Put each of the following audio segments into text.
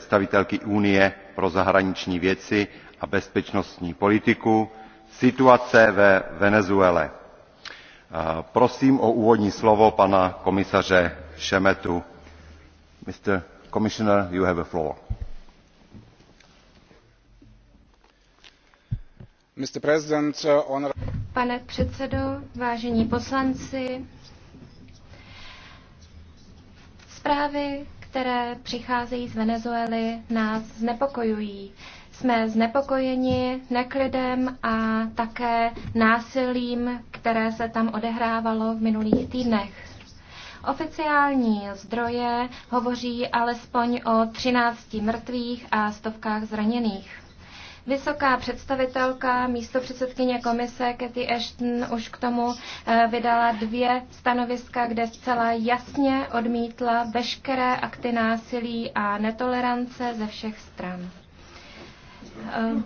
představitelky unie pro zahraniční věci a bezpečnostní politiku situace ve venezuele. prosím o úvodní slovo pana komisaře Šemetu. Mr. Commissioner, you have the floor. Mr. President, honor... Uh, Pane předsedo, vážení poslanci, zprávy které přicházejí z Venezuely, nás znepokojují. Jsme znepokojeni neklidem a také násilím, které se tam odehrávalo v minulých týdnech. Oficiální zdroje hovoří alespoň o 13 mrtvých a stovkách zraněných. Vysoká představitelka, místo předsedkyně komise Cathy Ashton už k tomu eh, vydala dvě stanoviska, kde zcela jasně odmítla veškeré akty násilí a netolerance ze všech stran. Eh,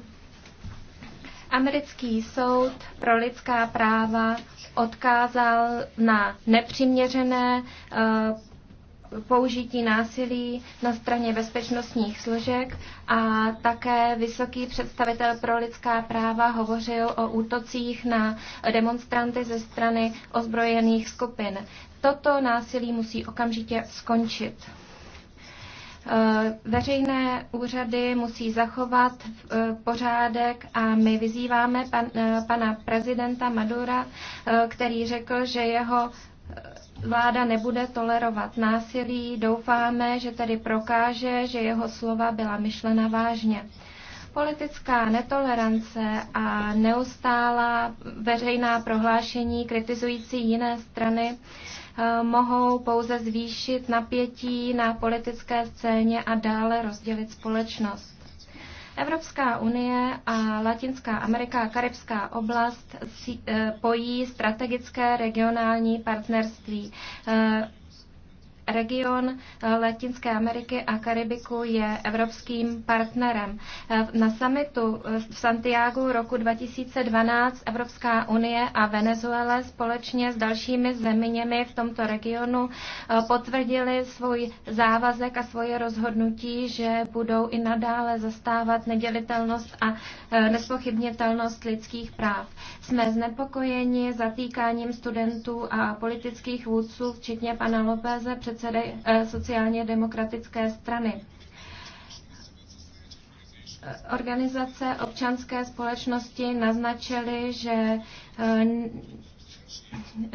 americký soud pro lidská práva odkázal na nepřiměřené eh, použití násilí na straně bezpečnostních složek a také vysoký představitel pro lidská práva hovořil o útocích na demonstranty ze strany ozbrojených skupin. Toto násilí musí okamžitě skončit. Eh, veřejné úřady musí zachovat eh, pořádek a my vyzýváme pan, eh, pana prezidenta Madura, který řekl, že jeho vláda nebude tolerovat násilí. Doufáme, že tedy prokáže, že jeho slova byla myšlena vážně. Politická netolerance a neustálá veřejná prohlášení kritizující jiné strany eh, mohou pouze zvýšit napětí na politické scéně a dále rozdělit společnost. Evropská unie a Latinská Amerika a Karibská oblast eh, pojí strategické regionální partnerství. Eh, Region eh, Latinské Ameriky a Karibiku je evropským partnerem. Eh, na summitu eh, v Santiago roku 2012 Evropská unie a Venezuela společně s dalšími zeměmi v tomto regionu potvrdili svůj závazek a svoje rozhodnutí, že budou i nadále zastávat nedělitelnost a nespochybnitelnost lidských práv. Jsme znepokojeni zatýkáním studentů a politických vůdců, včetně pana Lopéze, před předsedy eh, sociálně demokratické strany. Organizace občanské společnosti naznačily, že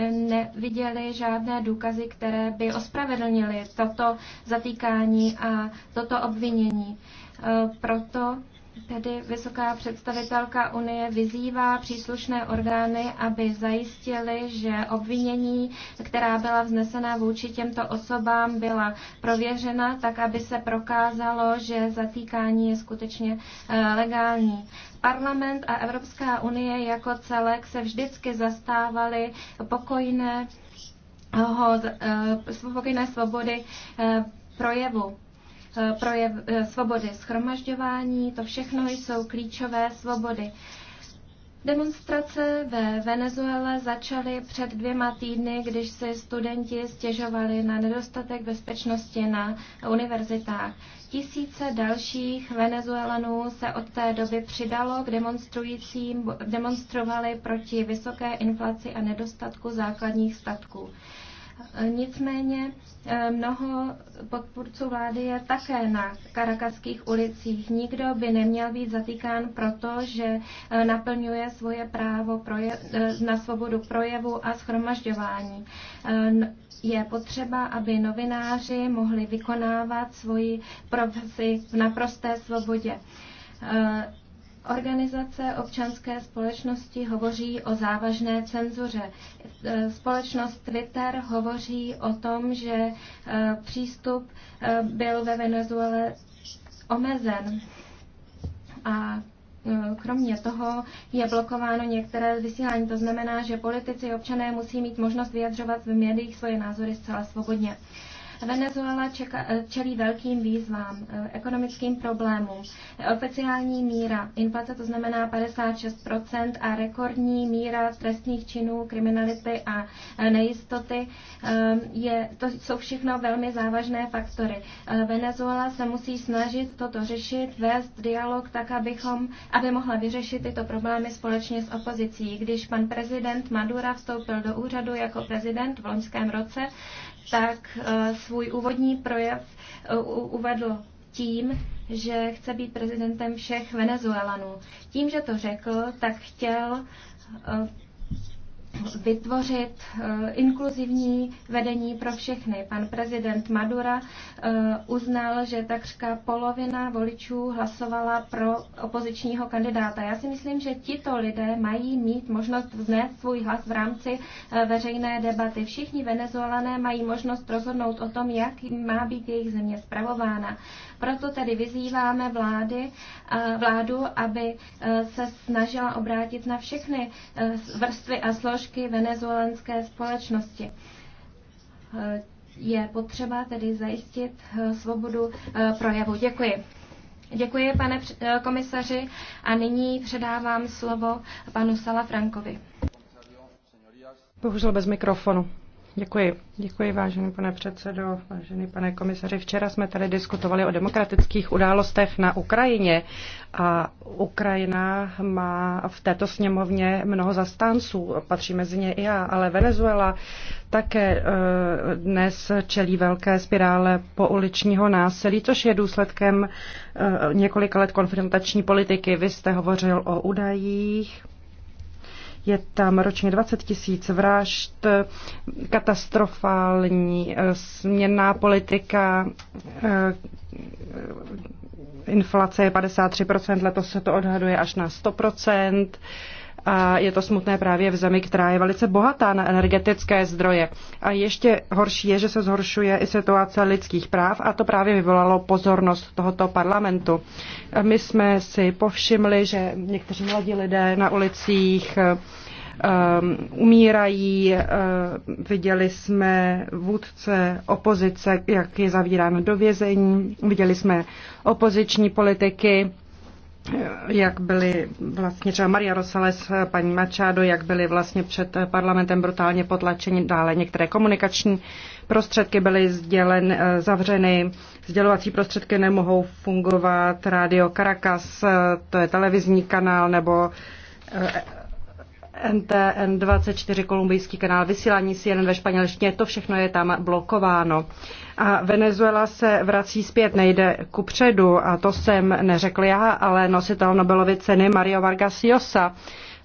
eh, neviděli žádné důkazy, které by ospravedlnily toto zatýkání a toto obvinění. Eh, proto Tedy vysoká představitelka Unie vyzývá příslušné orgány, aby zajistili, že obvinění, která byla vznesena vůči těmto osobám, byla prověřena, tak aby se prokázalo, že zatýkání je skutečně eh, legální. Parlament a Evropská unie jako celek se vždycky zastávali eh, pokojné, svobody eh, projevu projev, eh, svobody schromažďování, to všechno jsou klíčové svobody. Demonstrace ve Venezuele začaly před dvěma týdny, když si studenti stěžovali na nedostatek bezpečnosti na univerzitách. Tisíce dalších Venezuelanů se od té doby přidalo k demonstrujícím, demonstrovali proti vysoké inflaci a nedostatku základních statků. Nicméně e, mnoho podpůrců vlády je také na karakaských ulicích. Nikdo by neměl být zatýkán proto, že e, naplňuje svoje právo e, na svobodu projevu a schromažďování. Je potřeba, aby novináři mohli vykonávat svoji profesi v naprosté svobodě Organizace občanské společnosti hovoří o závažné cenzuře. E, společnost Twitter hovoří o tom, že e, přístup e, byl ve Venezuele omezen. A kromě toho je blokováno některé vysílání. To znamená, že politici a občané musí mít možnost vyjadřovat v médiích svoje názory zcela svobodně. Venezuela čeka, eh, čelí velkým výzvám, eh, ekonomickým problémům. Oficiální míra inflace, to znamená 56% a rekordní míra trestných činů, kriminality a eh, nejistoty, je, to jsou všechno velmi závažné faktory. Venezuela se musí snažit toto řešit, vést dialog tak, abychom, aby mohla vyřešit tyto problémy společně s opozicí. Když pan prezident Madura vstoupil do úřadu jako prezident v loňském roce, tak eh, svůj úvodní projev eh, uvedl tím, že chce být prezidentem všech Venezuelanů. Tím, že to řekl, tak chtěl eh, vytvořit eh, inkluzivní vedení pro všechny. Pan prezident Madura eh, uznal, že takřka polovina voličů hlasovala pro opozičního kandidáta. Já si myslím, že tito lidé mají mít možnost vznést svůj hlas v rámci eh, veřejné debaty. Všichni venezuelané mají možnost rozhodnout o tom, jak má být jejich země zpravována. Proto tedy vyzýváme vlády, vládu, aby se snažila obrátit na všechny vrstvy a složky složky venezuelanské společnosti. Je potřeba tedy zajistit eh, svobodu eh, projevu. Děkuji. Děkuji, pane eh, komisaři, a nyní předávám slovo panu Salafrankovi. Bohužel bez mikrofonu. Děkuji. Děkuji, vážený pane předsedo, vážený pane komisaři. Včera jsme tady diskutovali o demokratických událostech na Ukrajině a Ukrajina má v této sněmovně mnoho zastánců, patří mezi ně i já, ale Venezuela také eh, dnes čelí velké spirále po uličního násilí, což je důsledkem eh, několika let konfrontační politiky. Vy jste hovořil o údajích, je tam ročně 20 tisíc vražd, katastrofální eh, směrná politika, eh, eh, inflace je 53%, letos se to odhaduje až na 100% a je to smutné právě v zemi, která je velice bohatá na energetické zdroje. A ještě horší je, že se zhoršuje i situace lidských práv a to právě vyvolalo pozornost tohoto parlamentu. My jsme si povšimli, že někteří mladí lidé na ulicích ehm, umírají. Ehm, viděli jsme vůdce opozice, jak je zavírán do vězení. Viděli jsme opoziční politiky jak byly vlastně třeba Maria Rosales, paní Mačádo, jak byly vlastně před parlamentem brutálně potlačeni dále. Některé komunikační prostředky byly sdělen, eh, zavřeny, sdělovací prostředky nemohou fungovat, rádio Caracas, eh, to je televizní kanál, nebo eh, NTN 24 kolumbijský kanál vysílání CNN ve španělštině, to všechno je tam blokováno. A Venezuela se vrací zpět, nejde ku předu a to jsem neřekl já, ale nositel Nobelovy ceny Mario Vargas Llosa.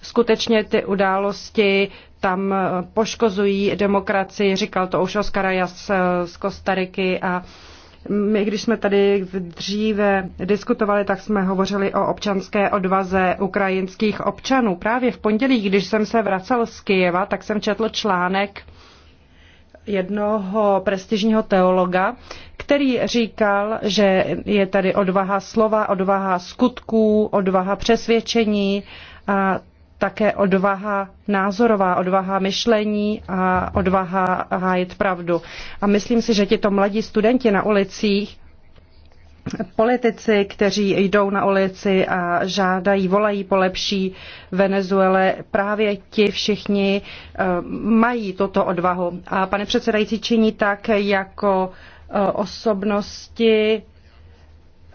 Skutečně ty události tam poškozují demokracii, říkal to už Oscar Jas z Kostariky a my, když jsme tady dříve diskutovali, tak jsme hovořili o občanské odvaze ukrajinských občanů. Právě v pondělí, když jsem se vracel z Kyjeva, tak jsem četl článek jednoho prestižního teologa, který říkal, že je tady odvaha slova, odvaha skutků, odvaha přesvědčení a také odvaha názorová, odvaha myšlení a odvaha hájit pravdu. A myslím si, že tito mladí studenti na ulicích politici, kteří jdou na ulici a žádají, volají po lepší Venezuele, právě ti všichni eh, mají toto odvahu. A pane předsedající činí tak jako eh, osobnosti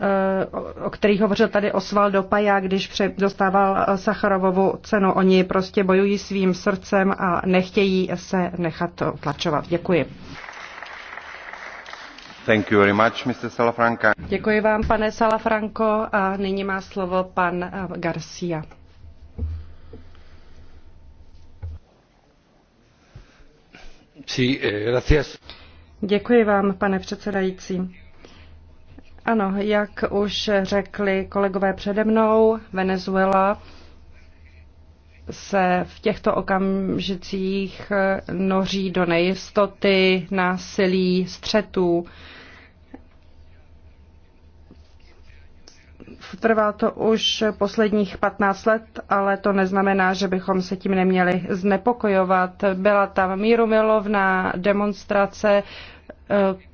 Eh, o kterých hovořil tady Osvaldo Paja, když dostával eh, Sacharovovu cenu. Oni prostě bojují svým srdcem a nechtějí se nechat tlačovat. Děkuji. Thank you very much, Mr. Salafranca. Děkuji vám, pane Salafranco, a nyní má slovo pan eh, Garcia. Sí, eh, gracias. Děkuji vám, pane předsedající ano, jak už řekli kolegové přede mnou, Venezuela se v těchto okamžicích noří do nejistoty, násilí, střetů. Trvá to už posledních 15 let, ale to neznamená, že bychom se tím neměli znepokojovat. Byla tam mírumilovná demonstrace eh,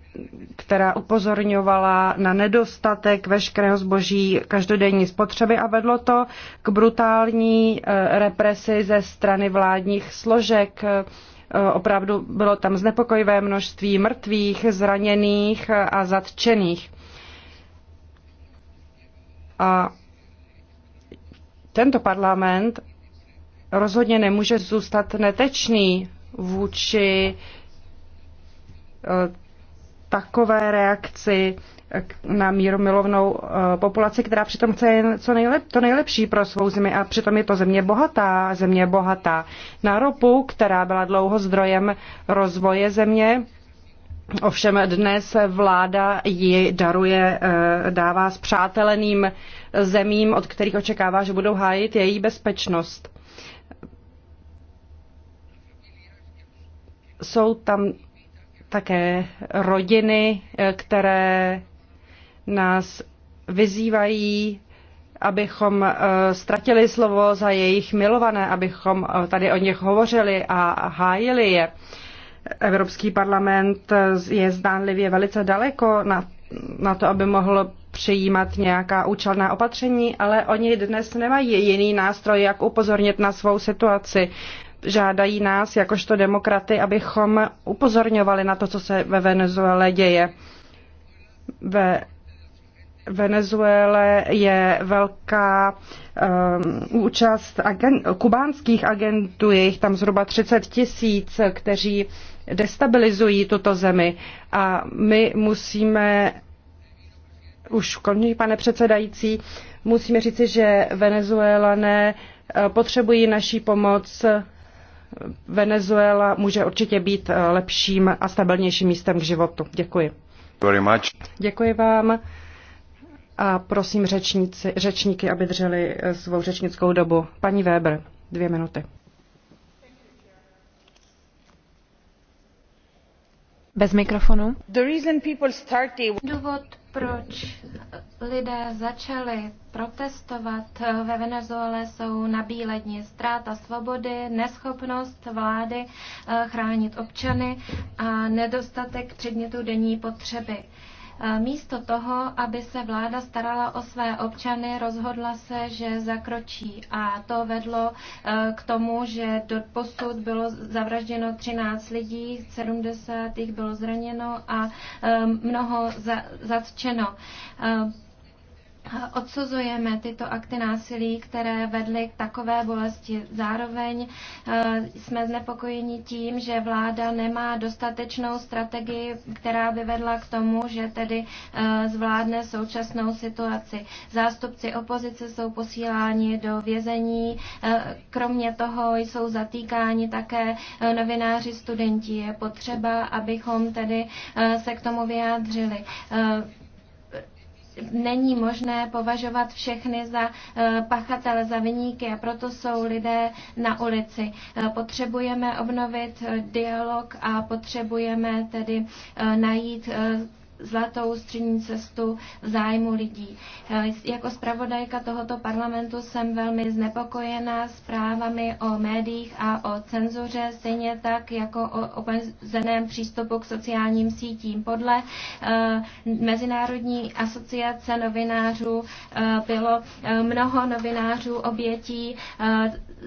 která upozorňovala na nedostatek veškerého zboží každodenní spotřeby a vedlo to k brutální eh, represi ze strany vládních složek. Eh, opravdu bylo tam znepokojivé množství mrtvých, zraněných a zatčených. A tento parlament rozhodně nemůže zůstat netečný vůči eh, takové reakci na míromilovnou eh, populaci, která přitom chce jen co nejlep, to nejlepší pro svou zemi a přitom je to země bohatá, země bohatá na ropu, která byla dlouho zdrojem rozvoje země. Ovšem dnes vláda ji daruje, eh, dává s přáteleným zemím, od kterých očekává, že budou hájit její bezpečnost. Jsou tam také rodiny, eh, které nás vyzývají, abychom eh, ztratili slovo za jejich milované, abychom eh, tady o nich hovořili a hájili je. Evropský parlament je zdánlivě velice daleko na, na to, aby mohl přijímat nějaká účelná opatření, ale oni dnes nemají jiný nástroj, jak upozornit na svou situaci žádají nás, jakožto demokraty, abychom upozorňovali na to, co se ve Venezuele děje. Ve Venezuele je velká um, účast agen- kubánských agentů, je jich tam zhruba 30 tisíc, kteří destabilizují tuto zemi. A my musíme, už končí pane předsedající, musíme říci, že Venezuelané eh, potřebují naší pomoc Venezuela může určitě být eh, lepším a stabilnějším místem k životu. Děkuji. Very much. Děkuji vám a prosím řečníci, řečníky, aby drželi eh, svou řečnickou dobu. Paní Weber, dvě minuty. Bez mikrofonu. The reason people start... Důvod, proč lidé začali protestovat ve Venezuele, jsou na ztráta svobody, neschopnost vlády eh, chránit občany a nedostatek předmětů denní potřeby. Místo toho, aby se vláda starala o své občany, rozhodla se, že zakročí. A to vedlo e, k tomu, že do posud bylo zavražděno 13 lidí, 70 jich bylo zraněno a e, mnoho zatčeno. E, Odsuzujeme tyto akty násilí, které vedly k takové bolesti. Zároveň e, jsme znepokojeni tím, že vláda nemá dostatečnou strategii, která by vedla k tomu, že tedy e, zvládne současnou situaci. Zástupci opozice jsou posíláni do vězení, e, kromě toho jsou zatýkáni také novináři, studenti. Je potřeba, abychom tedy se k tomu vyjádřili není možné považovat všechny za eh, pachatele, za vyníky a proto jsou lidé na ulici. Eh, potřebujeme obnovit eh, dialog a potřebujeme tedy najít zlatou střední cestu v zájmu lidí. Eh, jako zpravodajka tohoto parlamentu jsem velmi znepokojená zprávami o médiích a o cenzuře, stejně tak jako o omezeném přístupu k sociálním sítím. Podle eh, Mezinárodní asociace novinářů eh, bylo mnoho novinářů obětí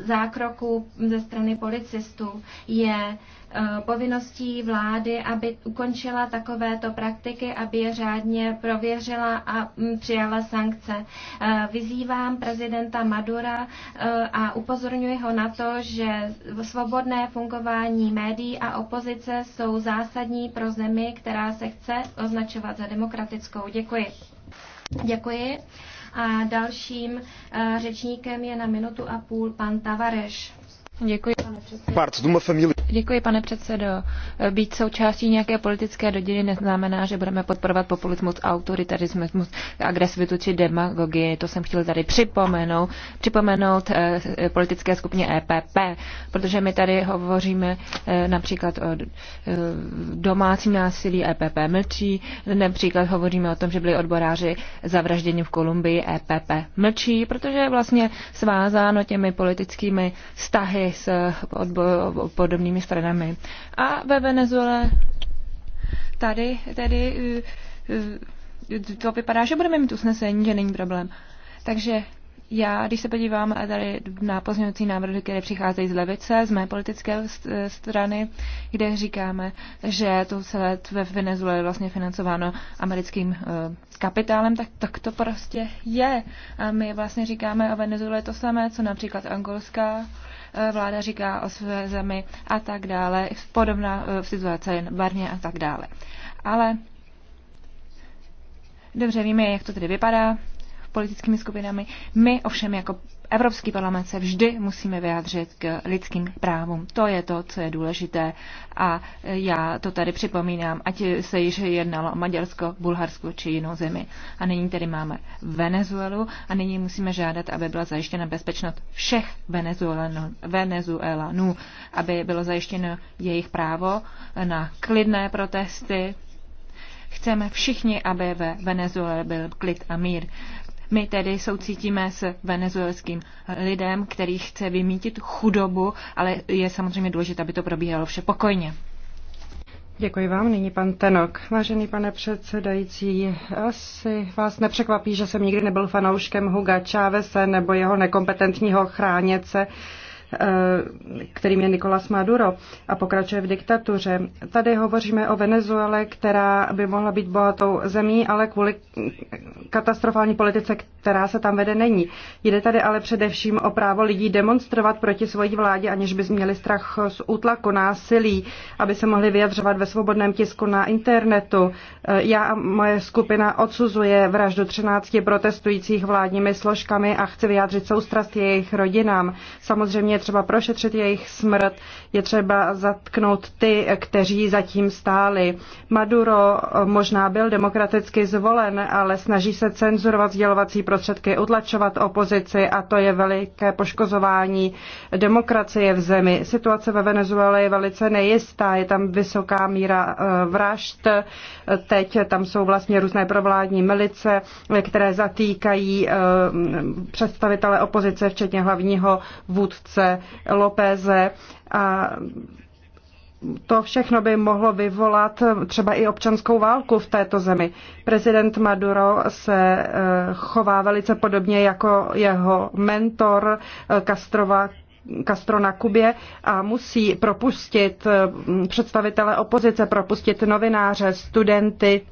zákroků ze strany policistů. Je eh, povinností vlády, aby ukončila takovéto praktiky, aby je řádně prověřila a mm, přijala sankce. Eh, vyzývám prezidenta Madura eh, a upozorňuji ho na to, že svobodné fungování médií a opozice jsou zásadní pro zemi, která se chce označovat za demokratickou. Děkuji. Děkuji. A dalším eh, řečníkem je na minutu a půl pan Tavareš. Děkuji, pane předsedo. Děkuji, pane předsedo. Být součástí nějaké politické rodiny neznamená, že budeme podporovat populismus, autoritarismus, agresivitu či demagogii. To jsem chtěl tady připomenout, připomenout eh, politické skupině EPP, protože my tady hovoříme eh, například o eh, domácím násilí, EPP mlčí, například hovoříme o tom, že byli odboráři zavražděni v Kolumbii, EPP mlčí, protože je vlastně svázáno těmi politickými vztahy s odbo- podobnými stranami. A ve Venezuele tady tedy eh, eh, to vypadá, že budeme mít usnesení, že není problém. Takže já, když se podívám eh, tady na pozměňující návrhy, které přicházejí z levice, z mé politické strany, kde říkáme, že to celé ve Venezuele je vlastně financováno americkým kapitálem, tak, tak to prostě je. A my vlastně říkáme o Venezuele to samé, co například angolská Eh, vláda říká o své zemi a tak dále. Podobná eh, situace jen barně a tak dále. Ale dobře víme, jak to tedy vypadá politickými skupinami. My ovšem jako Evropský parlament se vždy musíme vyjádřit k lidským právům. To je to, co je důležité a já to tady připomínám, ať se již jednalo o Maďarsko, Bulharsko či jinou zemi. A nyní tedy máme Venezuelu a nyní musíme žádat, aby byla zajištěna bezpečnost všech Venezuelanů, aby bylo zajištěno jejich právo na klidné protesty, Chceme všichni, aby ve Venezuele byl klid a mír. My tedy soucítíme s venezuelským lidem, který chce vymítit chudobu, ale je samozřejmě důležité, aby to probíhalo vše pokojně. Děkuji vám. Nyní pan Tenok. Vážený pane předsedající, asi vás nepřekvapí, že jsem nikdy nebyl fanouškem Huga Chávese nebo jeho nekompetentního chráněce Eh, kterým je Nicolas Maduro a pokračuje v diktatuře. Tady hovoříme o Venezuele, která by mohla být bohatou zemí, ale kvůli katastrofální politice, která se tam vede, není. Jde tady ale především o právo lidí demonstrovat proti svojí vládě, aniž by měli strach z útlaku, násilí, aby se mohli vyjadřovat ve svobodném tisku na internetu. Eh, já a moje skupina odsuzuje vraždu 13 protestujících vládními složkami a chci vyjádřit soustrast jejich rodinám. Samozřejmě je třeba prošetřit jejich smrt, je třeba zatknout ty, kteří zatím stáli. Maduro možná byl demokraticky zvolen, ale snaží se cenzurovat sdělovací prostředky, utlačovat opozici a to je veliké poškozování demokracie v zemi. Situace ve Venezuele je velice nejistá, je tam vysoká míra eh, vražd, teď tam jsou vlastně různé provládní milice, které zatýkají eh, představitele opozice, včetně hlavního vůdce Lópeze a to všechno by mohlo vyvolat třeba i občanskou válku v této zemi. Prezident Maduro se eh, chová velice podobně jako jeho mentor eh, Castrova, Castro na Kubě a musí propustit eh, představitele opozice, propustit novináře, studenty,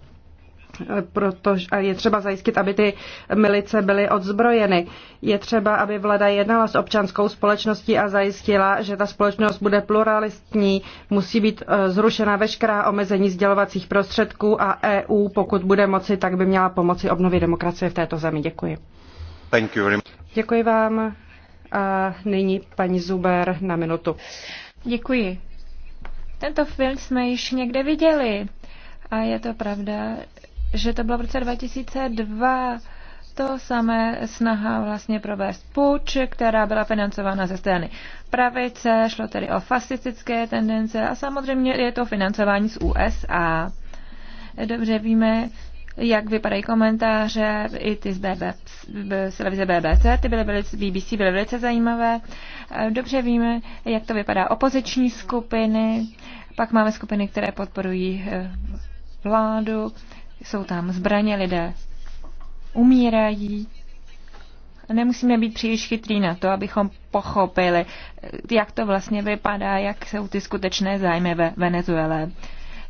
Protože je třeba zajistit, aby ty milice byly odzbrojeny. Je třeba, aby vláda jednala s občanskou společností a zajistila, že ta společnost bude pluralistní. Musí být eh, zrušena veškerá omezení sdělovacích prostředků a EU, pokud bude moci, tak by měla pomoci obnově demokracie v této zemi. Děkuji. Thank you very much. Děkuji vám. A nyní paní Zuber na minutu. Děkuji. Tento film jsme již někde viděli. A je to pravda, že to bylo v roce 2002 to samé snaha vlastně provést puč, která byla financována ze strany pravice, šlo tedy o fascistické tendence a samozřejmě je to financování z USA. Dobře víme, jak vypadají komentáře, i ty z, BBC, z televize BBC, ty byly velice, BBC byly velice zajímavé. Dobře víme, jak to vypadá opoziční skupiny, pak máme skupiny, které podporují eh, vládu. Jsou tam zbraně, lidé umírají. Nemusíme být příliš chytrý na to, abychom pochopili, jak to vlastně vypadá, jak jsou ty skutečné zájmy ve Venezuele.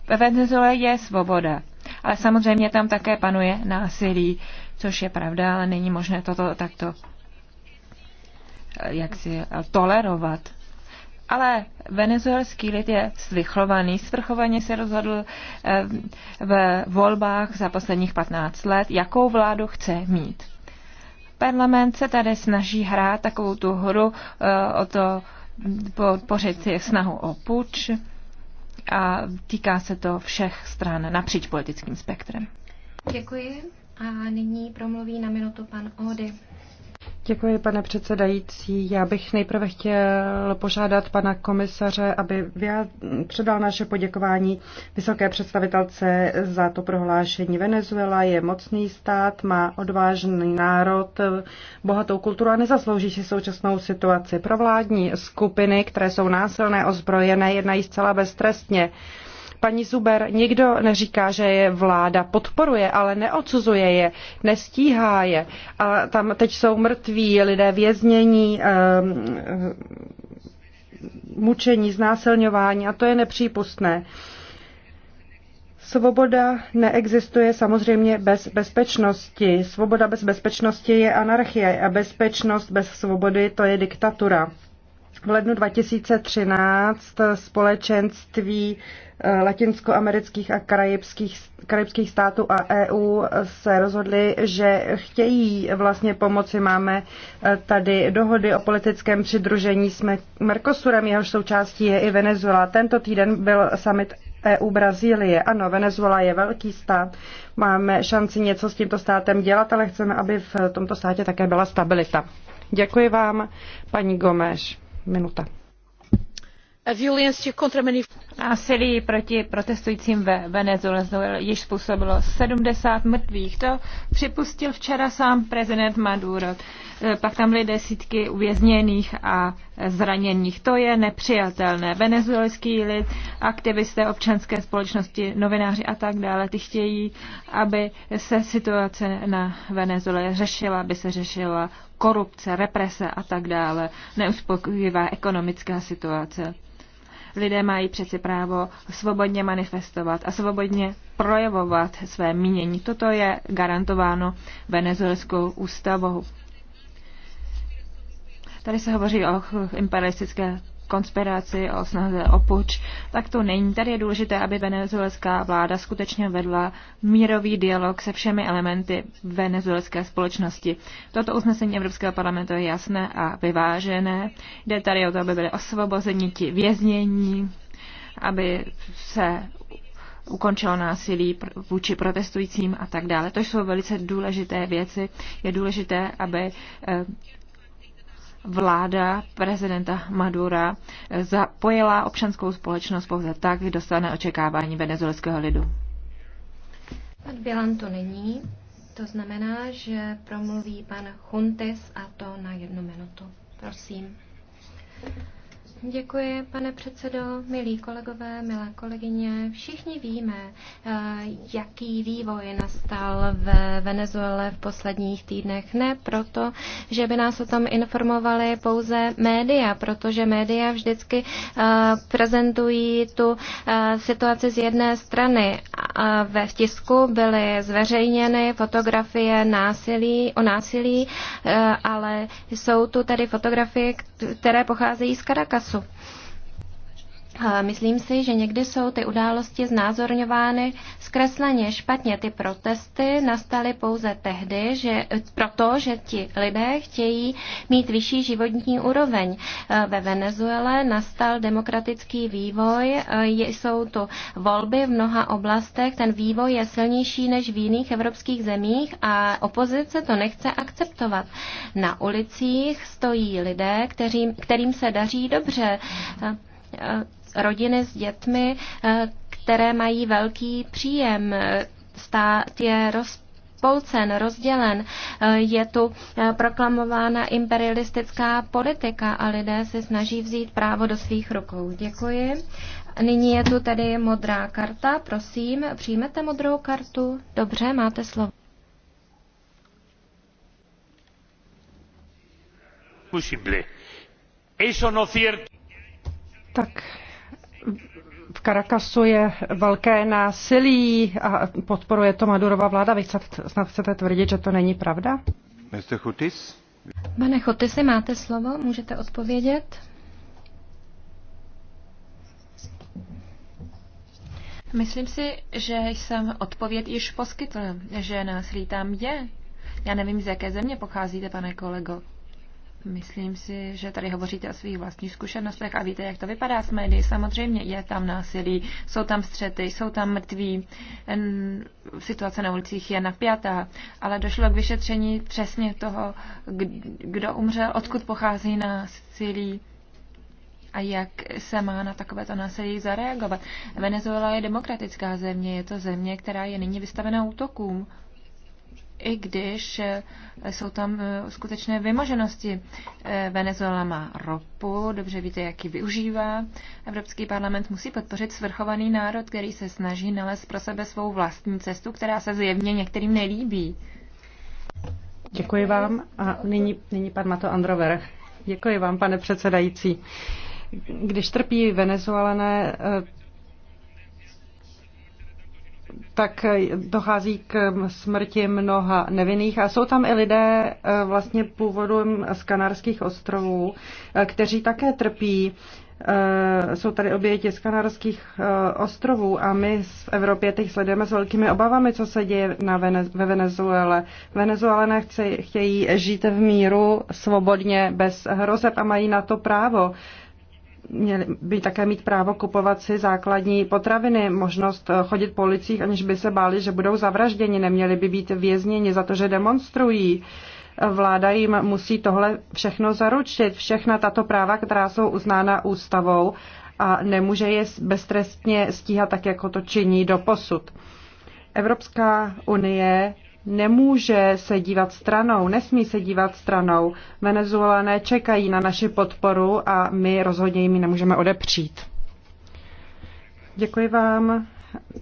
Ve Venezuele je svoboda, ale samozřejmě tam také panuje násilí, což je pravda, ale není možné toto takto eh, jak si eh, tolerovat. Ale venezuelský lid je zvychlovaný, svrchovaně se rozhodl eh, ve volbách za posledních 15 let, jakou vládu chce mít. Parlament se tady snaží hrát takovou tu hru eh, o to podpořit si snahu o puč a týká se to všech stran napříč politickým spektrem. Děkuji a nyní promluví na minutu pan Ody. Děkuji, pane předsedající. Já bych nejprve chtěl požádat pana komisaře, aby předal naše poděkování vysoké představitelce za to prohlášení. Venezuela je mocný stát, má odvážný národ, bohatou kulturu a nezaslouží si současnou situaci. Provládní skupiny, které jsou násilné, ozbrojené, jednají zcela beztrestně. Paní Zuber, nikdo neříká, že je vláda podporuje, ale neodsuzuje je, nestíhá je. A tam teď jsou mrtví lidé věznění, ehm, ehm, mučení, znásilňování a to je nepřípustné. Svoboda neexistuje samozřejmě bez bezpečnosti. Svoboda bez bezpečnosti je anarchie a bezpečnost bez svobody to je diktatura v lednu 2013 společenství eh, latinskoamerických a karibských, karibských států a EU se rozhodli, že chtějí vlastně pomoci. Máme eh, tady dohody o politickém přidružení s Mercosurem, jehož součástí je i Venezuela. Tento týden byl summit EU Brazílie. Ano, Venezuela je velký stát, máme šanci něco s tímto státem dělat, ale chceme, aby v tomto státě také byla stabilita. Děkuji vám, paní Gomeš. Násilí proti protestujícím ve Venezuele již způsobilo 70 mrtvých. To připustil včera sám prezident Maduro. E, pak tam byly desítky uvězněných a zraněných. To je nepřijatelné. Venezuelský lid, aktivisté občanské společnosti, novináři a tak dále, ty chtějí, aby se situace na Venezuele řešila, aby se řešila korupce, represe a tak dále, neuspokojivá ekonomická situace. Lidé mají přeci právo svobodně manifestovat a svobodně projevovat své mínění. Toto je garantováno venezuelskou ústavou. Tady se hovoří o imperialistické konspiraci, o snaze o puč, tak to není. Tady je důležité, aby venezuelská vláda skutečně vedla mírový dialog se všemi elementy venezuelské společnosti. Toto usnesení Evropského parlamentu je jasné a vyvážené. Jde tady o to, aby byly osvobozeni ti věznění, aby se ukončilo násilí vůči protestujícím a tak dále. To jsou velice důležité věci. Je důležité, aby eh, vláda prezidenta Madura zapojila občanskou společnost pouze tak, kdy dostane očekávání venezuelského lidu. Pan Bělan to není, to znamená, že promluví pan Chuntes a to na jednu minutu. Prosím. Děkuji, pane předsedo, milí kolegové, milé kolegyně. Všichni víme, eh, jaký vývoj nastal ve Venezuele v posledních týdnech. Ne proto, že by nás o tom informovali pouze média, protože média vždycky eh, prezentují tu eh, situaci z jedné strany. Ve tisku byly zveřejněny fotografie násilí, o násilí, ale jsou tu tady fotografie, které pocházejí z Caracasu času. Myslím si, že někdy jsou ty události znázorňovány zkresleně špatně. Ty protesty nastaly pouze tehdy, že, proto, že ti lidé chtějí mít vyšší životní úroveň. E, ve Venezuele nastal demokratický vývoj, e, jsou tu volby v mnoha oblastech, ten vývoj je silnější než v jiných evropských zemích a opozice to nechce akceptovat. Na ulicích stojí lidé, kterým, kterým se daří dobře e, rodiny s dětmi, eh, které mají velký příjem. Stát je rozpolcen, rozdělen, eh, je tu eh, proklamována imperialistická politika a lidé se snaží vzít právo do svých rukou. Děkuji. Nyní je tu tedy modrá karta. Prosím, přijmete modrou kartu? Dobře, máte slovo. No tak Caracasu je velké násilí a podporuje to Madurova vláda. Vy chcete, snad chcete tvrdit, že to není pravda? Mr. Chutis? Pane Chotisi, máte slovo, můžete odpovědět. Myslím si, že jsem odpověď již poskytl, že násilí tam je. Já nevím, z jaké země pocházíte, pane kolego. Myslím si, že tady hovoříte o svých vlastních zkušenostech a víte, jak to vypadá s médií. Samozřejmě je tam násilí, jsou tam střety, jsou tam mrtví, situace na ulicích je napjatá, ale došlo k vyšetření přesně toho, kdo umřel, odkud pochází násilí a jak se má na takovéto násilí zareagovat. Venezuela je demokratická země, je to země, která je nyní vystavena útokům i když eh, jsou tam eh, skutečné vymoženosti. Eh, Venezuela má ropu, dobře víte, jak ji využívá. Evropský parlament musí podpořit svrchovaný národ, který se snaží nalézt pro sebe svou vlastní cestu, která se zjevně některým nelíbí. Děkuji vám a nyní, nyní pan Mato Androver. Děkuji vám, pane předsedající. Když trpí venezuelané, tak dochází k smrti mnoha nevinných. A jsou tam i lidé eh, vlastně původem z Kanárských ostrovů, eh, kteří také trpí. Eh, jsou tady oběti z Kanárských ostrovů a my v Evropě teď sledujeme s velkými obavami, co se děje na Vene- ve Venezuele. Venezuelané chci, chtějí žít v míru svobodně, bez hrozeb a mají na to právo měli by také mít právo kupovat si základní potraviny, možnost eh, chodit po ulicích, aniž by se báli, že budou zavražděni, neměli by být vězněni za to, že demonstrují. Vláda jim musí tohle všechno zaručit, všechna tato práva, která jsou uznána ústavou a nemůže je beztrestně stíhat tak, jako to činí do posud. Evropská unie nemůže se dívat stranou, nesmí se dívat stranou. Venezuelané čekají na naši podporu a my rozhodně jim nemůžeme odepřít. Děkuji vám.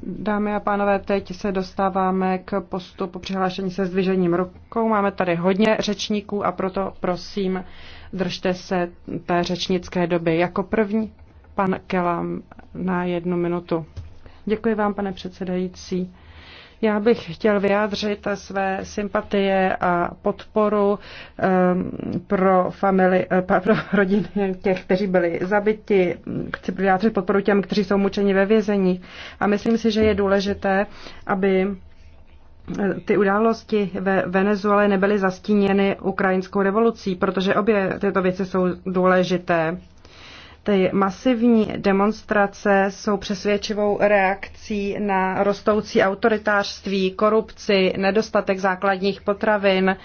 Dámy a pánové, teď se dostáváme k postupu přihlášení se zdvižením rukou. Máme tady hodně řečníků a proto prosím, držte se té řečnické doby. Jako první pan Kelam na jednu minutu. Děkuji vám, pane předsedající. Já bych chtěl vyjádřit své sympatie a podporu ehm, pro, family, eh, pro rodiny těch, kteří byli zabiti. Chci vyjádřit podporu těm, kteří jsou mučeni ve vězení. A myslím si, že je důležité, aby eh, ty události ve Venezuele nebyly zastíněny ukrajinskou revolucí, protože obě tyto věci jsou důležité. Ty masivní demonstrace jsou přesvědčivou reakcí na rostoucí autoritářství, korupci, nedostatek základních potravin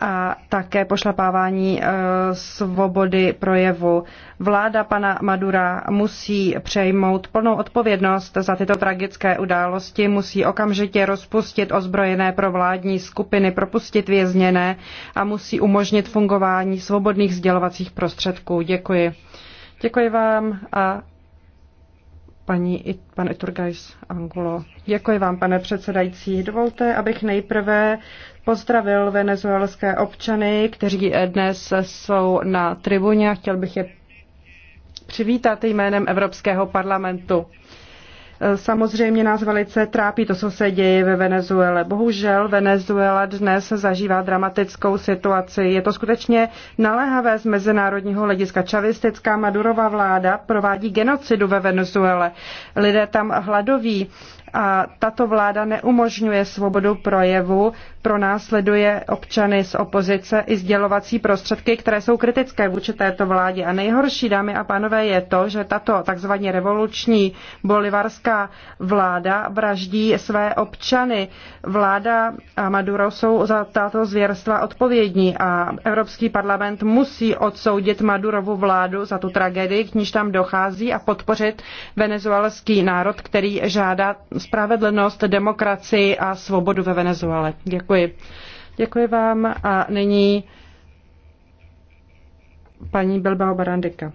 a také pošlapávání eh, svobody projevu. Vláda pana Madura musí přejmout plnou odpovědnost za tyto tragické události, musí okamžitě rozpustit ozbrojené provládní skupiny, propustit vězněné a musí umožnit fungování svobodných sdělovacích prostředků. Děkuji. Děkuji vám a paní, i pan Iturgais Angulo. Děkuji vám, pane předsedající. Dovolte, abych nejprve pozdravil venezuelské občany, kteří dnes jsou na tribuně a chtěl bych je přivítat jménem Evropského parlamentu. Samozřejmě nás velice trápí to, co se děje ve Venezuele. Bohužel Venezuela dnes zažívá dramatickou situaci. Je to skutečně naléhavé z mezinárodního hlediska. Čavistická Madurova vláda provádí genocidu ve Venezuele. Lidé tam hladoví a tato vláda neumožňuje svobodu projevu, pronásleduje občany z opozice i sdělovací prostředky, které jsou kritické vůči této vládě. A nejhorší, dámy a pánové, je to, že tato takzvaně revoluční bolivarská vláda vraždí své občany. Vláda a Maduro jsou za tato zvěrstva odpovědní a Evropský parlament musí odsoudit Madurovu vládu za tu tragédii, k níž tam dochází a podpořit venezuelský národ, který žádá spravedlnost, demokracii a svobodu ve Venezuele. Děkuji. Děkuji vám a nyní paní Bilbao Barandika.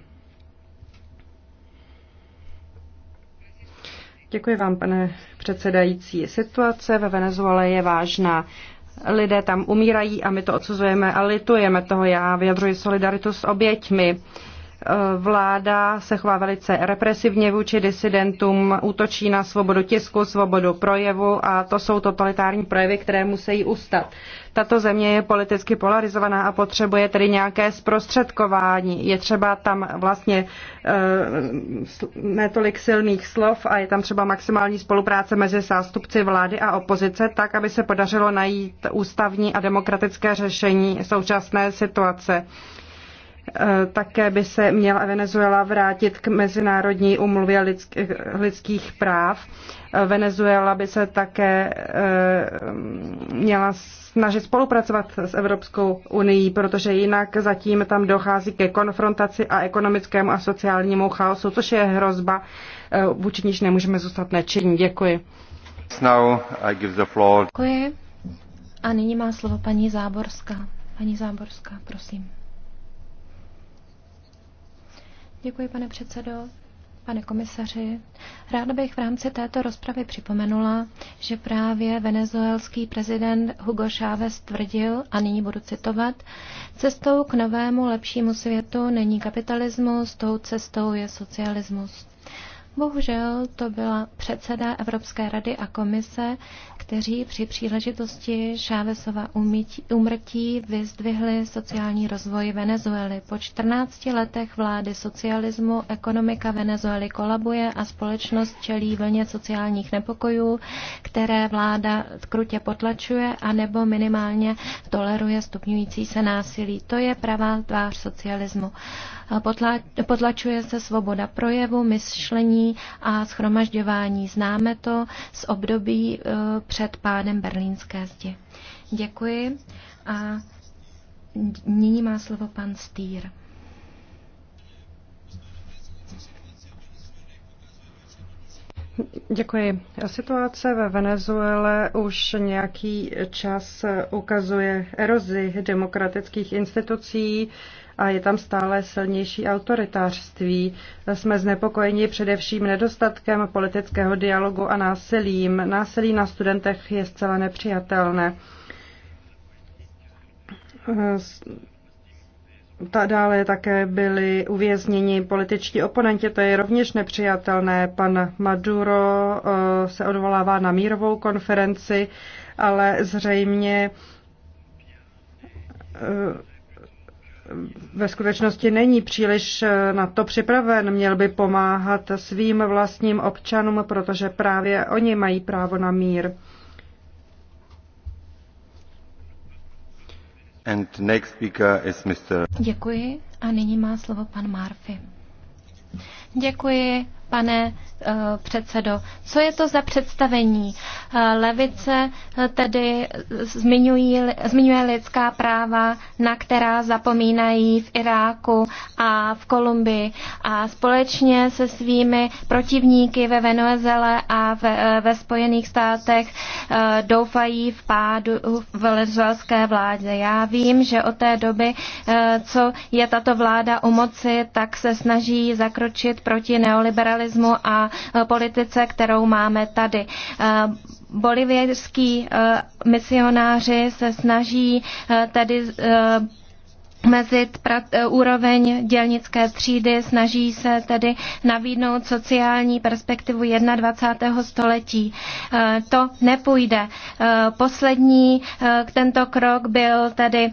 Děkuji vám, pane předsedající. Situace ve Venezuele je vážná. Lidé tam umírají a my to odsuzujeme a litujeme toho. Já vyjadřuji solidaritu s oběťmi. Eh, vláda se chová velice represivně vůči disidentům, útočí na svobodu tisku, svobodu projevu a to jsou totalitární projevy, které musí ustat. Tato země je politicky polarizovaná a potřebuje tedy nějaké zprostředkování. Je třeba tam vlastně eh, netolik silných slov a je tam třeba maximální spolupráce mezi zástupci vlády a opozice, tak, aby se podařilo najít ústavní a demokratické řešení současné situace. Eh, také by se měla Venezuela vrátit k Mezinárodní umluvě lidských práv. Eh, Venezuela by se také eh, měla snažit spolupracovat s Evropskou unii, protože jinak zatím tam dochází ke konfrontaci a ekonomickému a sociálnímu chaosu, což je hrozba, vůči níž nemůžeme zůstat nečinní. Děkuji. Děkuji. A nyní má slovo paní Záborská. Paní Záborská, prosím. Děkuji, pane předsedo. Pane komisaři, ráda bych v rámci této rozpravy připomenula, že právě venezuelský prezident Hugo Chávez tvrdil, a nyní budu citovat, cestou k novému lepšímu světu není kapitalismus, tou cestou je socialismus. Bohužel to byla předseda Evropské rady a komise, kteří při příležitosti Šávesova umrtí vyzdvihli sociální rozvoj Venezuely. Po 14 letech vlády socialismu ekonomika Venezuely kolabuje a společnost čelí vlně sociálních nepokojů, které vláda krutě potlačuje a nebo minimálně toleruje stupňující se násilí. To je pravá tvář socialismu potlačuje se svoboda projevu, myšlení a schromažďování. Známe to z období e, před pádem berlínské zdi. Děkuji a nyní má slovo pan Stýr. Děkuji. Situace ve Venezuele už nějaký čas ukazuje erozi demokratických institucí, a je tam stále silnější autoritářství. Jsme znepokojeni především nedostatkem politického dialogu a násilím. Násilí na studentech je zcela nepřijatelné. Ta dále také byli uvězněni političtí oponenti, to je rovněž nepřijatelné. Pan Maduro eh, se odvolává na mírovou konferenci, ale zřejmě eh, ve skutečnosti není příliš eh, na to připraven. Měl by pomáhat svým vlastním občanům, protože právě oni mají právo na mír. And next speaker is Mr. Děkuji a nyní má slovo pan Murphy. Děkuji pane eh, předsedo. Co je to za představení? Eh, levice eh, tedy zmiňují, zmiňuje lidská práva, na která zapomínají v Iráku a v Kolumbii a společně se svými protivníky ve Venezuele a ve, ve Spojených státech doufají v pádu venezuelské vlády. Já vím, že od té doby, co je tato vláda u moci, tak se snaží zakročit proti neoliberalismu liberalismu a eh, politice, kterou máme tady. Eh, Bolivěrský eh, misionáři se snaží tedy mezit úroveň dělnické třídy, snaží se tedy navídnout sociální perspektivu 21. století. To nepůjde. Poslední tento krok byl tedy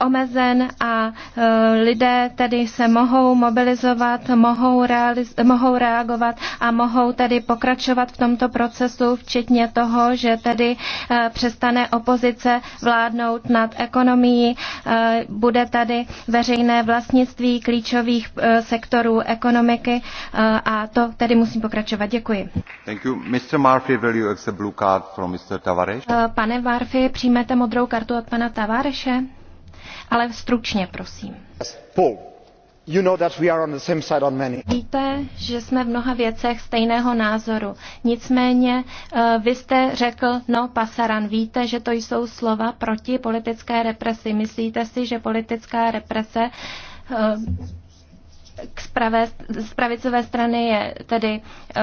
omezen a e, lidé tedy se mohou mobilizovat, mohou, realiz- mohou reagovat a mohou tedy pokračovat v tomto procesu, včetně toho, že tedy e, přestane opozice vládnout nad ekonomií, e, bude tady veřejné vlastnictví klíčových sektorů ekonomiky a to tedy musím pokračovat. Děkuji. Thank you. Mr. Murphy, will you accept blue card from Mr. Pane Murphy, přijmete modrou kartu od pana Tavareše? ale stručně, prosím. Paul. You know that we are on the same side on many. Víte, že jsme v mnoha věcech stejného názoru. Nicméně uh, vy jste řekl, no Pasaran, víte, že to jsou slova proti politické represi. Myslíte si, že politická represe uh, k spravé, z pravicové strany je tedy uh,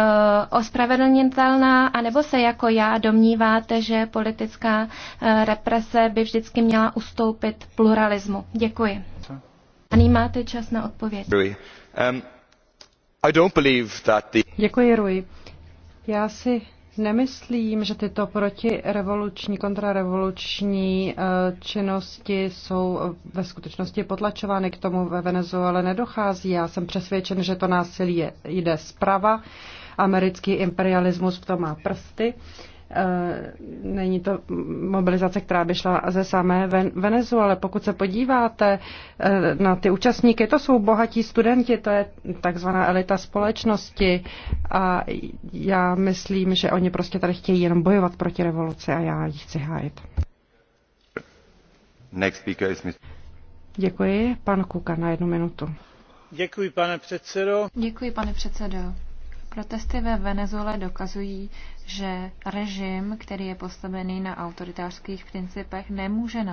ospravedlnitelná, anebo se jako já domníváte, že politická uh, represe by vždycky měla ustoupit pluralismu? Děkuji. A máte čas na odpověď. Um, Děkuji, Rui. Já si Nemyslím, že tyto protirevoluční, kontrarevoluční eh, činnosti jsou eh, ve skutečnosti potlačovány. K tomu ve Venezuele nedochází. Já jsem přesvědčen, že to násilí jde zprava. Americký imperialismus v tom má prsty. Eh, není to mobilizace, která by šla ze samé ale Pokud se podíváte eh, na ty účastníky, to jsou bohatí studenti, to je takzvaná elita společnosti a já myslím, že oni prostě tady chtějí jenom bojovat proti revoluci a já ji chci hájit. Next speaker is Mr. Děkuji. Pan Kuka na jednu minutu. Děkuji, pane předsedo. Děkuji, pane předsedo. Protesty ve Venezuele dokazují, že režim, který je postavený na autoritářských principech, nemůže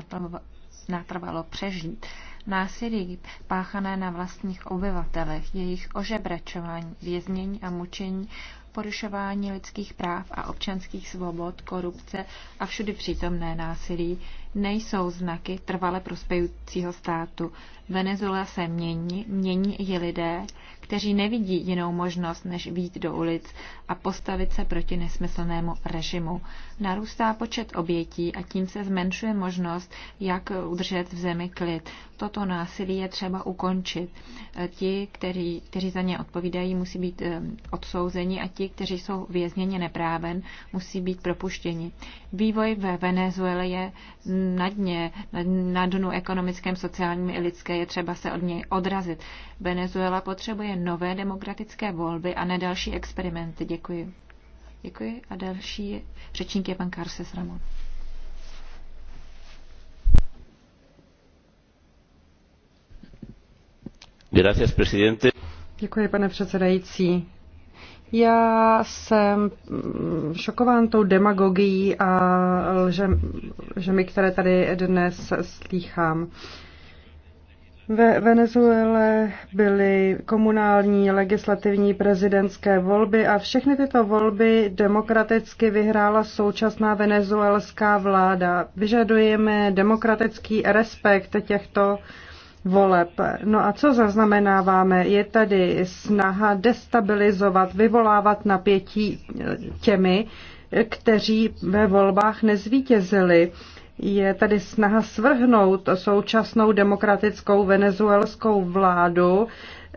natrvalo přežít. Násilí páchané na vlastních obyvatelech, jejich ožebračování, věznění a mučení, porušování lidských práv a občanských svobod, korupce a všudy přítomné násilí nejsou znaky trvale prospějícího státu. Venezuela se mění, mění i lidé, kteří nevidí jinou možnost, než výjít do ulic a postavit se proti nesmyslnému režimu. Narůstá počet obětí a tím se zmenšuje možnost, jak udržet v zemi klid. Toto násilí je třeba ukončit. Ti, kteří, kteří za ně odpovídají, musí být eh, odsouzeni a ti, kteří jsou vězněni neprávem, musí být propuštěni. Vývoj ve Venezuele je na dně, na dnu ekonomickém, sociálním i lidské, je třeba se od něj odrazit. Venezuela potřebuje nové demokratické volby a ne další experimenty. Děkuji. Děkuji. A další řečník je pan Carses Ramon. Děkuji, pane předsedající já jsem mm, šokován tou demagogií a lžem, lžemi, které tady dnes slýchám. Ve Venezuele byly komunální, legislativní, prezidentské volby a všechny tyto volby demokraticky vyhrála současná venezuelská vláda. Vyžadujeme demokratický respekt těchto voleb. No a co zaznamenáváme? Je tady snaha destabilizovat, vyvolávat napětí těmi, kteří ve volbách nezvítězili. Je tady snaha svrhnout současnou demokratickou venezuelskou vládu,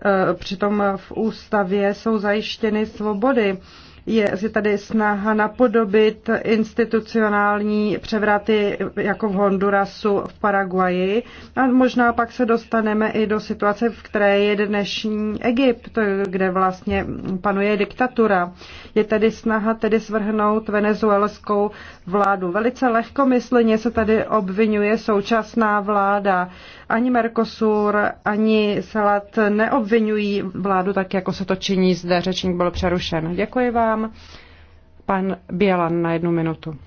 e, přitom v ústavě jsou zajištěny svobody je, je tady snaha napodobit institucionální převraty jako v Hondurasu, v Paraguaji a možná pak se dostaneme i do situace, v které je dnešní Egypt, kde vlastně panuje diktatura. Je tady snaha tedy svrhnout venezuelskou vládu. Velice lehkomyslně se tady obvinuje současná vláda. Ani Mercosur, ani Salat neobvinují vládu tak, jako se to činí zde. Řečník byl přerušen. Děkuji vám vám. Pan Bielan na jednu minutu.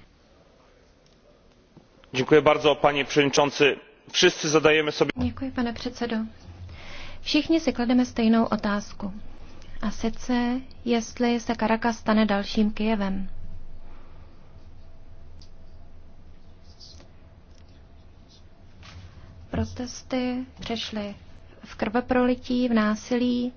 Děkuji bardzo, pane předsedající. Všichni zadajeme sobě... Děkuji, pane předsedo. Všichni si klademe stejnou otázku. A sice, jestli se Karaka stane dalším Kyjevem. Protesty přešly v krveprolití, v násilí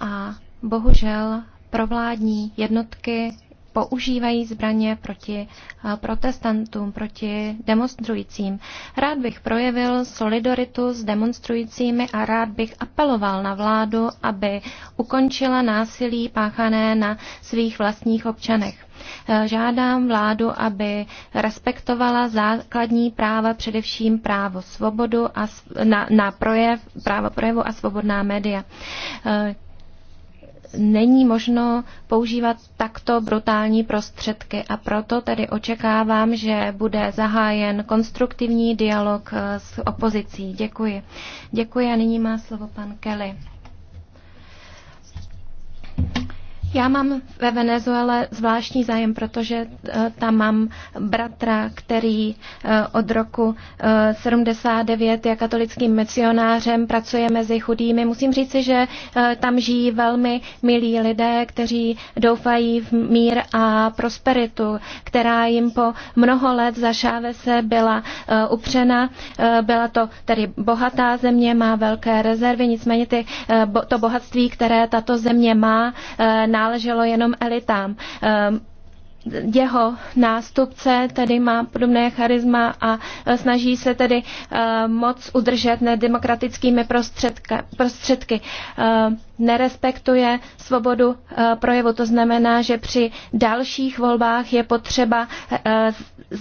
a bohužel provládní jednotky používají zbraně proti eh, protestantům, proti demonstrujícím. Rád bych projevil solidaritu s demonstrujícími a rád bych apeloval na vládu, aby ukončila násilí páchané na svých vlastních občanech. Eh, žádám vládu, aby respektovala základní práva, především právo svobodu a na, na projev, právo projevu a svobodná média. Eh, není možno používat takto brutální prostředky a proto tedy očekávám, že bude zahájen konstruktivní dialog eh, s opozicí. Děkuji. Děkuji a nyní má slovo pan Kelly. Já mám ve Venezuele zvláštní zájem, protože eh, tam mám bratra, který eh, od roku 79 eh, je katolickým misionářem, pracuje mezi chudými. Musím říci, že tam žijí velmi milí lidé, kteří doufají v mír a prosperitu, která jim po mnoho let za Šávese byla upřena. Byla to tedy bohatá země, má velké rezervy, nicméně ty, to bohatství, které tato země má, na náleželo jenom elitám. Ehm, jeho nástupce tedy má podobné charisma a e, snaží se tedy e, moc udržet nedemokratickými prostředky. prostředky. Ehm, nerespektuje svobodu eh, projevu. To znamená, že při dalších volbách je potřeba eh,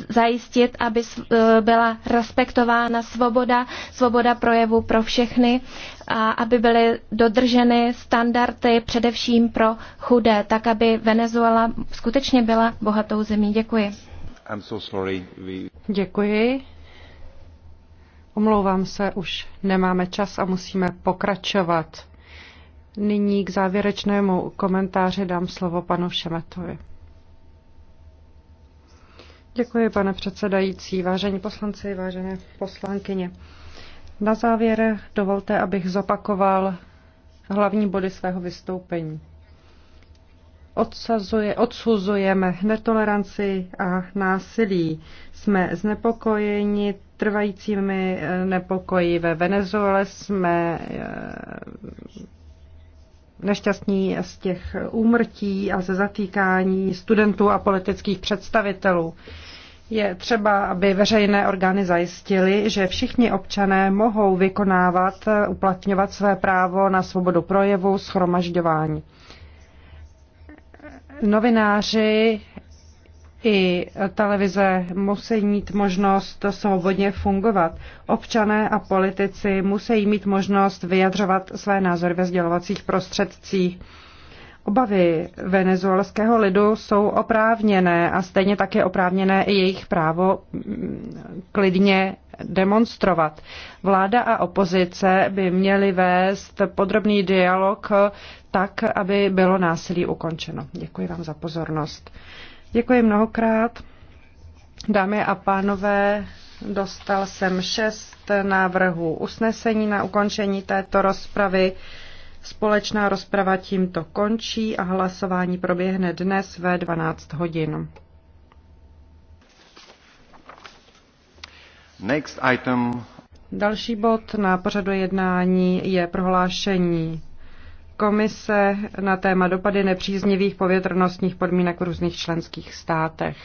zajistit, aby eh, byla respektována svoboda, svoboda projevu pro všechny a aby byly dodrženy standardy především pro chudé, tak aby Venezuela skutečně byla bohatou zemí. Děkuji. I'm so sorry. We... Děkuji. Omlouvám se, už nemáme čas a musíme pokračovat. Nyní k závěrečnému komentáři dám slovo panu Šemetovi. Děkuji, pane předsedající, vážení poslanci, vážené poslankyně. Na závěr dovolte, abych zopakoval hlavní body svého vystoupení. Odsazuje, odsuzujeme netoleranci a násilí. Jsme znepokojeni trvajícími nepokoji ve Venezuele, jsme eh, nešťastní z těch úmrtí a ze zatýkání studentů a politických představitelů. Je třeba, aby veřejné orgány zajistily, že všichni občané mohou vykonávat, uplatňovat své právo na svobodu projevu, schromažďování. Novináři i televize musí mít možnost svobodně fungovat. Občané a politici musí mít možnost vyjadřovat své názory ve sdělovacích prostředcích. Obavy venezuelského lidu jsou oprávněné a stejně tak je oprávněné i jejich právo mm, klidně demonstrovat. Vláda a opozice by měly vést podrobný dialog tak, aby bylo násilí ukončeno. Děkuji vám za pozornost. Děkuji mnohokrát. Dámy a pánové, dostal jsem šest návrhů usnesení na ukončení této rozpravy. Společná rozprava tímto končí a hlasování proběhne dnes ve 12 hodin. Next item. Další bod na pořadu jednání je prohlášení komise na téma dopady nepříznivých povětrnostních podmínek v různých členských státech.